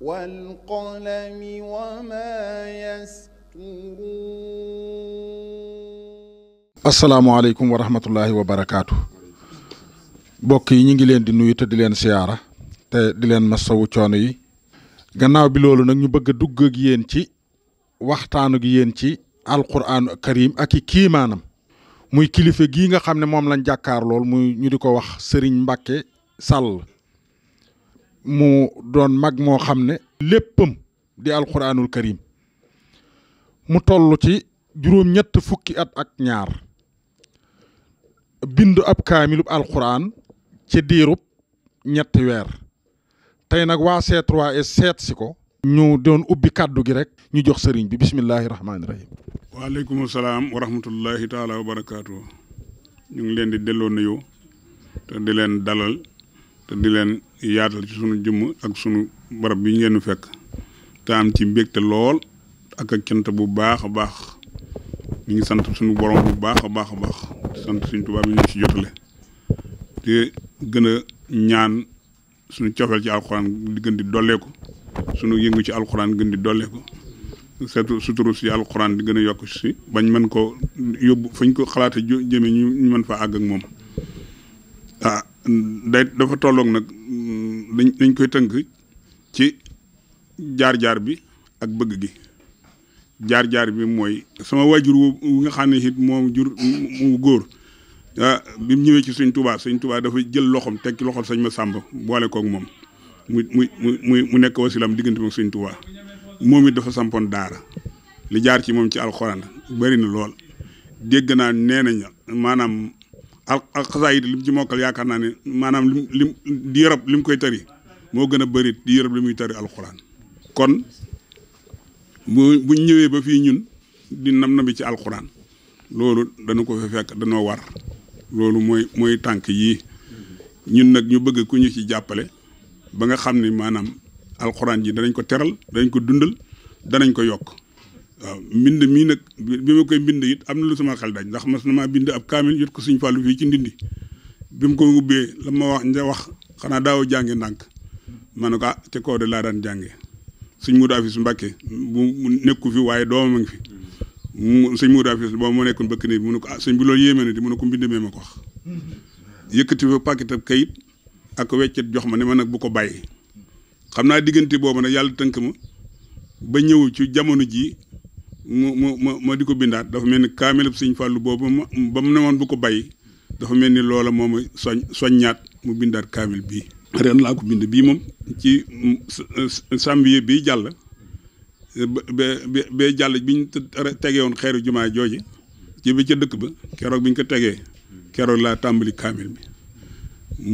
والقلم وما يسطرون asalaamaaleykum wa mbokk yi ñu ngi leen di nuyu te di leen siyaara te di leen masawu coono yi gannaaw bi loolu nag ñu bëgg a dugg ak yéen ci waxtaanu gi yéen ci alquraanu karim ak i kiimaanam muy kilifa gii nga xam ne moom lañ jàkkaar lool muy ñu di ko wax Serigne Mbacke Sall mu doon mag moo xam ne léppam di alxuraanul karim mu toll ci juróom-ñett fukki at ak ñaar bindu ab kaamilub alxuraan ci diirub ñetti weer tey nag waa C3S seet si ko ñu doon ubbi kàddu gi rek ñu jox sëriñ bi bismillahi rahmaani rahim waaleykum salaam wa rahmatullahi taala wa barakaatu ñu ngi leen di delloo nuyoo te di leen dalal te di leen yaatal ci sunu jëmm ak sunu barab bi ñu leen fekk te ci mbégte lool ak ak bu baax a baax ñu ngi sant sunu borom bu baax a baax a baax sant suñ tubaab yi ñu ci jotale te gën a ñaan sunu cofeel ci alxuraan di gën di dolleeku sunu yëngu ci alxuraan gën di dolleeku. seetu suturu si alxuraan di gën a yokk si bañ man koo yóbbu fañ ko xalaate jëme ñu mën fa àgg ak moom ah, day dafa tollook nag mm, dañ dañ koy tënk ci jaar-jaar bi ak bëgg gi jaar-jaar bi mooy sama waajur wu nga xam ne it moom jur mu góor ah bi mu ñëwee ci suñ Tuubaa suñ Tuubaa dafa jël loxoom teg ci loxol sëñ Masàmba boole koog moom mu mu mu mu nekk wasilam diggante moom sëñ Tuubaa moom it dafa sampoon daara li jaar ci moom ci alxuraan bëri na lool dégg naa nee nañ maanaam al lim ci mokkal yaakaar naa ne maanaam lim lim di yërëb lim koy tari moo gën a bari di yërëb li muy tari alxuraan kon bu bu ñëwee ba fii ñun di nam na bi ci alxuraan loolu dana ko fi fekk danoo war loolu mooy mooy tànk yi ñun nag ñu bëgg ku ñu ci jàppale ba nga xam ni maanaam alxuraan ji danañ ko teral danañ ko dundal danañ ko yokk waaw mbind mii nag bi ma koy mbind it am na lu suma xel daaj ndax mas na maa bind ab kaamil yot ko suñ fàllu fii ci ndindi bi mu ko la ma wax nga wax xanaa daaw jànge ndànk ma ne ko ah, de laa daan jànge suñ Moodu Afis Mbàkke bu nekku fi waaye doomam a ngi fi mu suñ Moodu Afis boobu moo nekkoon bëkk ne bi mu ne ko ah suñ bi loolu yéeme na di mu ko mbind mee ma ko wax yëkkati fa paquet ab kayit ak weccet jox ma ne ma nag bu ko bàyyi xam naa diggante boobu na yàlla tënk ma ba ñëw ci jamono jii mu mu ma di ko bindaat dafa mel ni kaamilab sëñ Fàllu boobu ma ba mu ne bu ko bàyyi dafa mel ni loola moom ma soñ soññaat mu bindaat kaamil bii. ren laa ko bind bii moom ci mm, sambiye bii jàll ba ba jàll bi ñu tegee woon xeeru jumaa jooji ci bi ca dëkk ba keroog bi ko tegee keroog laa tàmbali kaamil bi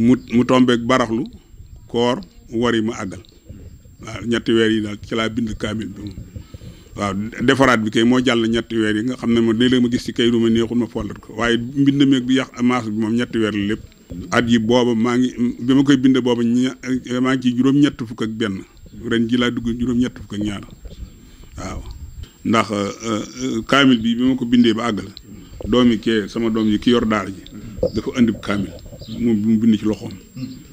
mu mu tombeek baraxlu koor. yi ma àggal waaw ñetti weer yi daal ci laa bind kaamil bi bi kay moo jàll ñetti weer yi nga xam ne ma léeg ma gis ci kay ma neexul ma follat ko waaye mbind meeg bi yàq maas bi moom ñetti weer lépp at yi booba maa ngi bi ma bind booba maa ngi ci juróom fukk ak benn ren dugg juróom-ñett fukk euh, euh, kaamil bi bi ma ko bindee ba àggal sama doom yi ki yor daara ji dafa indi kaamil bi mu bind ci loxoom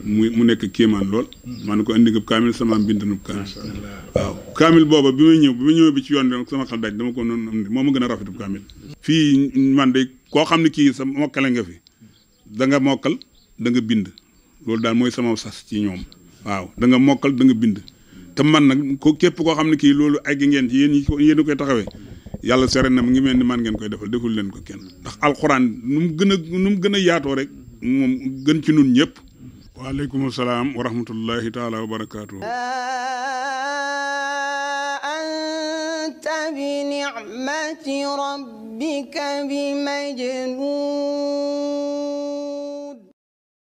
mu mu nekk kéemaan lool man ko indi nga kaamil sama am bindanub kaamil waaw kaamil booba bi may ñëw bi ma ñëwee bi ci yoon bi sama xel dañ dama koo noonu am moo ma gën a rafetub kaamil fii man de koo xam ne kii sa mokkale fi da nga mokkal bind loolu daal mooy sama sas ci ñoom waaw da nga mokkal da nga bind te man nag ko képp koo xam ne kii loolu egg ngeen ci yéen ñi yéen koy taxawee yàlla sere na mu ngi mel ni man ngeen koy defal deful leen ko kenn ndax alxuraan nu mu gën a nu mu gën a yaatoo rek moom gën ci nun ñëpp waaleykum salaam wa rahmatullahi taala wa barakaatu. anta bi ni'mati rabbika bi majnun